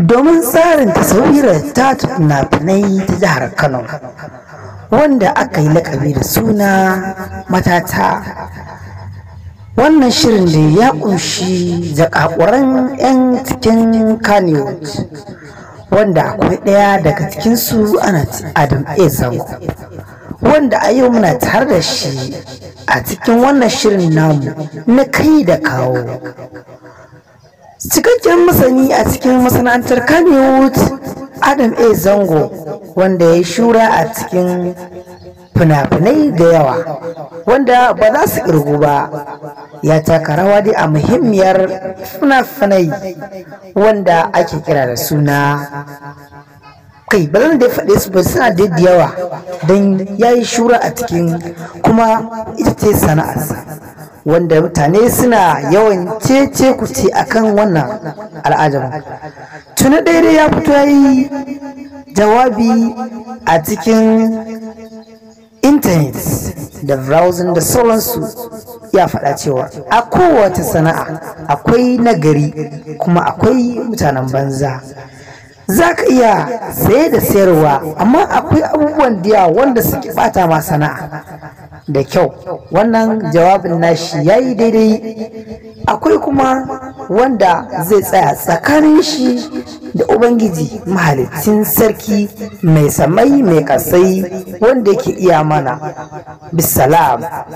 domin tsarin tasawirar ta na fanai ta jihar kano wanda aka yi lakabi da suna matata wannan shirin da ya kunshi zakakuran 'yan cikin kanewood wanda akwai ɗaya daga cikinsu ana adam a zango wanda a yau muna tare da shi a cikin wannan shirin namu na kai da kawo cikakken masani a cikin masana'antar kanewood adam a zango wanda ya shura a cikin fina-finai da yawa wanda ba za su kirgu ba ya taka rawa dai a muhimmiyar fina-finai wanda ake kira da suna kai ba da ya faɗe su ba suna da yawa don ya yi shura a cikin kuma ita ce sana'arsa wanda mutane suna yawan cece ku ce akan wannan al'ajaban tuni daidai ya fito ya yi jawabi a cikin intanet da browsing da sauransu ya faɗa cewa a kowace sana'a akwai nagari kuma akwai mutanen banza za ka iya saye da sayarwa amma akwai abubuwan diya wanda suke bata ma sana'a da kyau wannan jawabin nashi ya yi daidai akwai kuma wanda zai tsaya tsakanin shi da ubangiji mahalicin sarki mai samai mai kasai wanda ke iya mana bisalam